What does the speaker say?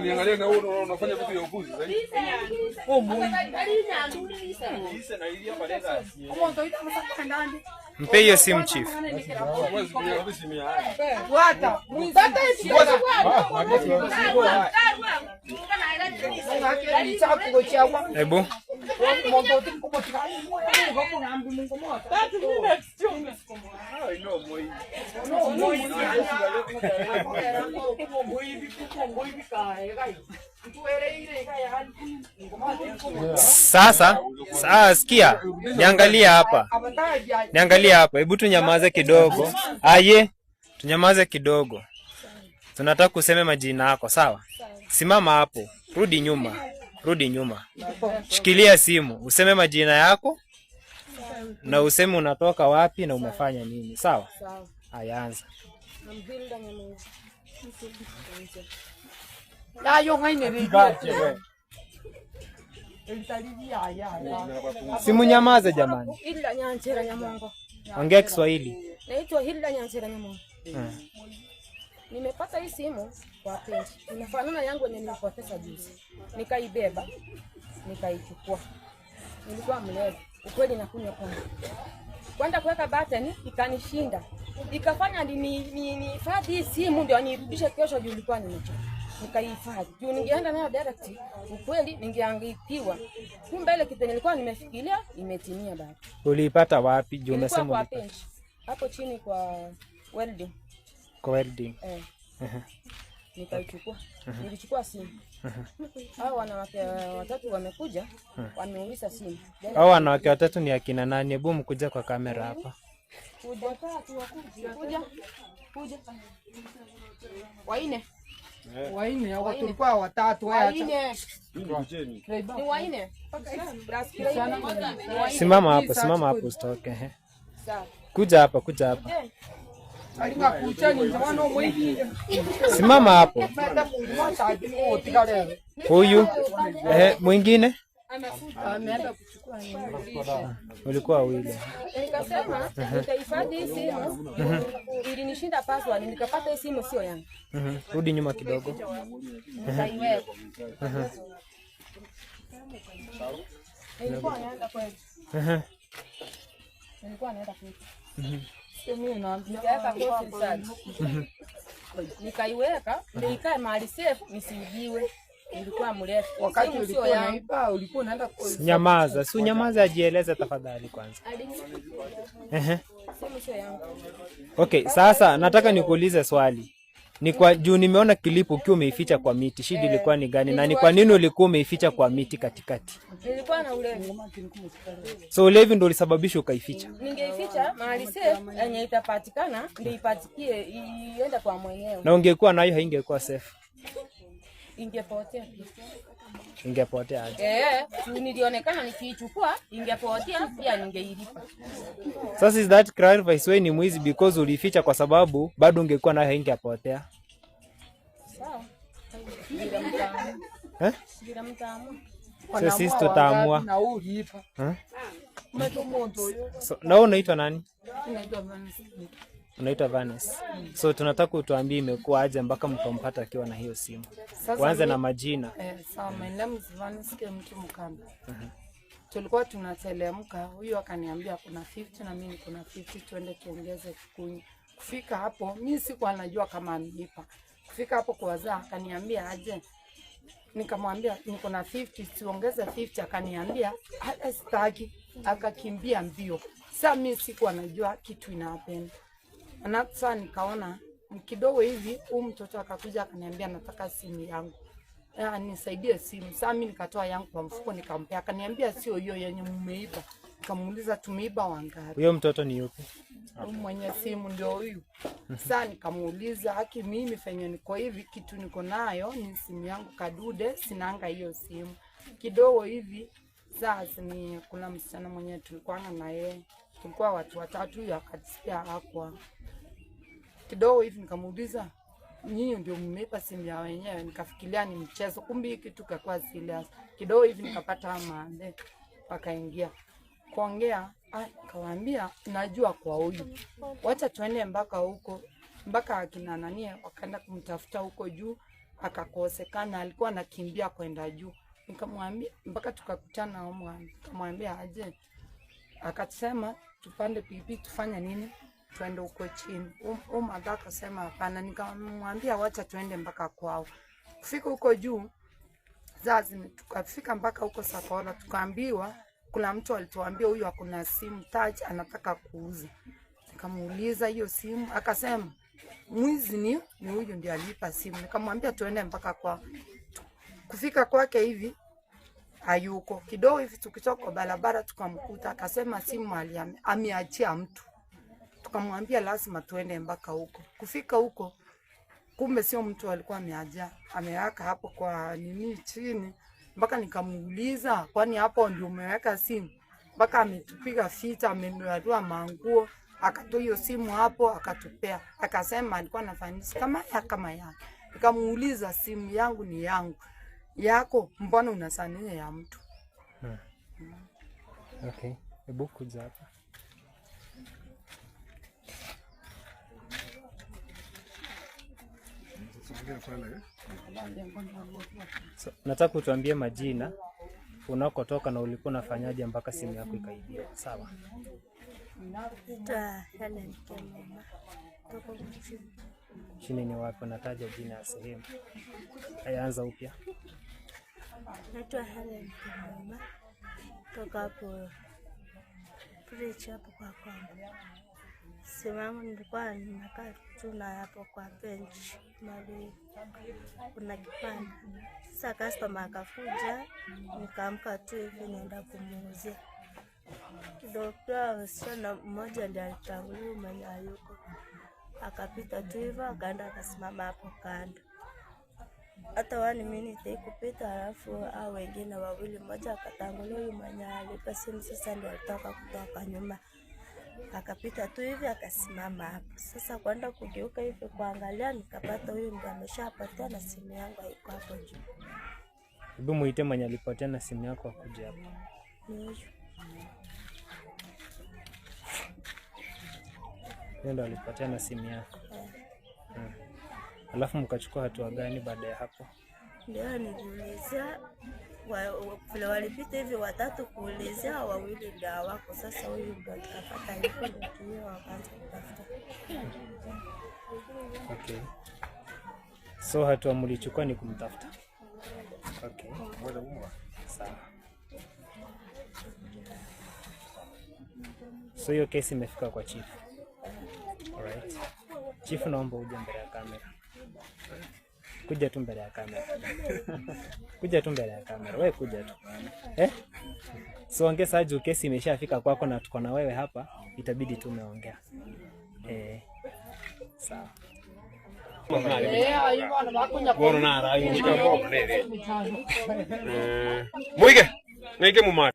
Niangalie na Mpe hiyo simu chief. Ebu sasa saa, sikia, niangalia hapa, niangalia hapa. Hebu tunyamaze kidogo, aye, tunyamaze kidogo. Tunataka kuseme majina yako, sawa? Simama hapo, rudi nyuma. Rudi nyuma, shikilia simu, useme majina yako na useme unatoka wapi na umefanya nini. Sawa, ayaanza simu. Nyamaze jamani, ongea Kiswahili. Naitwa Hilda Nyanzira Nyamongo. Eh. Nimepata hii simu kwa pesa, inafanana yangu yenye pesa juzi, nikaibeba nikaichukua. Nilikuwa mlevi ukweli, nakunywa pombe, kwenda kuweka button ikanishinda ikafanya nihifadhi hii simu, ndio anirudishe kesho juu ilikuwa nimechoka nikaihifadhi juu ningeenda nayo direct, ukweli ningeangipiwa. Kumbe ile kitu nilikuwa nimefikiria imetimia. Basi uliipata wapi? Juu umesema hapo chini kwa welding kwa welding. Eh. Nikaichukua. Nilichukua simu. Hao wanawake eh, watatu wamekuja, wameuliza simu. Yaani hao wanawake watatu ni akina nani? Hebu mkuja kwa kamera hapa. Kuja. Kuja. Kuja. Waine. Eh. Waine, wako tulikuwa watatu haya. Waine. Ni waine. Simama hapo, simama hapo usitoke. Kuja hapa, kuja hapa. Simama hapo. Huyu eh, mwingine ulikuwa wile, nikasema hii simu, ilinishinda password, nikapata hii simu sio yangu. Rudi nyuma kidogo, nikaiweka naenda kwetu, ilikuwa naenda kwetu nikaiweka nikae mahali safe mrefu wakati ulikuwa ulikuwa unaenda nyamaza, si nyamaza, ajieleza tafadhali kwanza. Ehe, okay, sasa nataka nikuulize swali ni kwa juu nimeona kilipu ukiwa umeificha kwa miti. Shida ilikuwa ni gani? Na ni kwa nini ulikuwa umeificha kwa miti katikati? Nilikuwa na ulevi. So ulevi ndio ulisababisha ukaificha. Ningeificha mahali safe yenye itapatikana ndio ipatikie iende kwa mwenyewe. Na ungekuwa nayo haingekuwa safe ingepotea ingepotea aje? Eh, nilionekana nikiichukua ingepotea pia ningeilipa. Sasa is that clarifies wewe ni mwizi because ulificha kwa sababu bado ungekuwa nayo ingepotea. Sawa. Eh? sisi tutaamua. Eh? Na ulipa. Eh? Na unaitwa nani? Naitwa Vanessa unaitwa Vanes. So tunataka utuambie imekuwa aje mpaka mkampata akiwa na hiyo simu. Kwanza na majina. Eh, sawa, my name is Vanes kwa mtu mkamba. Mhm. Tulikuwa tunatelemka, huyu akaniambia kuna 50 na mimi kuna 50, twende tuongeze kunywa. Kufika hapo mimi sikuwa najua kama amenipa. Kufika hapo kwa wazaa akaniambia aje nikamwambia niko na 50 tuongeze 50, akaniambia hata ah, sitaki, akakimbia mbio. Sasa mimi sikuwa najua kitu inapenda na sasa nikaona ni kidogo hivi, huyu mtoto akakuja akaniambia nataka simu yangu ya, eh, nisaidie simu. Sasa mimi nikatoa yangu kwa mfuko nikampea, akaniambia sio hiyo yenye mmeiba. Nikamuuliza tumeiba wangapi? Huyo mtoto ni yupi? Huyu Mwenye simu ndio huyu. Sasa nikamuuliza haki, mimi fenye niko hivi kitu niko nayo ni simu yangu kadude, sinanga hiyo simu kidogo hivi. Sasa ni kuna msichana mwenye tulikuwa na yeye, tulikuwa watu watatu, akasikia akwa kidogo hivi, nikamuuliza nyinyi ndio mmeipa simu ya wenyewe, nikafikiria ni mchezo, kumbe hii kitu kakuwa serious kidogo hivi, nikapata maande wakaingia kuongea. Ah, kawaambia najua kwa huyu, wacha tuende mpaka huko mpaka akina nani wakaenda kumtafuta huko juu, akakosekana. Alikuwa anakimbia kwenda juu, nikamwambia mpaka tukakutana na mwana, nikamwambia aje, akasema tupande pipi tufanye nini twende huko chini. Huyu um, um, mwanangu akasema hapana, nikamwambia wacha twende mpaka kwao. Kufika huko juu zazi, tukafika mpaka huko Sakaola, tukaambiwa kuna mtu alituambia huyu akuna simu touch anataka kuuza. Nikamuuliza hiyo simu, akasema mwizi ni ni huyu ndiye alipa simu. Nikamwambia tuende mpaka kwa Kufika kwake hivi hayuko kidogo hivi, tukitoka barabara tukamkuta, akasema simu aliame ameachia mtu tukamwambia lazima tuende mpaka huko. Kufika huko, kumbe sio mtu alikuwa ameaja ameweka hapo kwa nini chini, mpaka nikamuuliza, kwani hapo ndio umeweka simu? Mpaka ametupiga fita, amenuarua manguo, akatoa hiyo simu hapo akatupea, akasema alikuwa anafanyisha kama ya kama yake. Nikamuuliza, simu yangu ni yangu, yako mbona unasania ya mtu? Hmm. hmm. Okay, hebu kuja hapa nataka utuambie majina unakotoka na ulikuwa unafanyaje mpaka simu yako ikaibiwa. Sawa. Chini ni wapi? Unataja jina ya sehemu. Ayaanza upya. Naitwa Helen Kimoma. Toka hapo. Preach hapo kwa kwangu simu nilikuwa nimekaa tu na hapo kwa bench mali kuna kipanda. Sasa customer akakuja, nikaamka tu hivi naenda kumuuzia ndo pia msichana mmoja ndiye alitangulia mwenye ayuko, akapita tu hivyo, akaenda akasimama hapo kando, hata wani minute ikupita, alafu au wengine wawili, mmoja akatangulia huyu mwenye alipa simu, sasa ndiye alitoka kutoka nyuma akapita tu hivi akasimama hapo. Sasa kwenda kugeuka hivi kuangalia, nikapata huyu ndo ameshapotea na simu yangu haiko hapo juu. Hebu muite mwenye alipatia na simu yako akuja hapo. Huyo ndo alipatia na simu yako eh. Hmm. Alafu mkachukua hatua gani baada ya hapo? Ndio niliulizia vile walipita hivi watatu kuulizia wawili ndio hawako. Sasa huyu ndio akapata ndio wakaanza kutafuta. Okay. So hatua mlichukua ni kumtafuta. Okay. Sawa. So hiyo kesi imefika kwa chifu. Alright. Chifu, naomba uje mbele ya kamera. Kuja tu mbele ya kamera. Kuja tu mbele ya kamera. Wewe kuja tu. Eh? So ongea juu kesi imeshafika kwako na tuko na wewe hapa, itabidi umeongea Eh. Sawa. Eh, mwige, mwige mumari.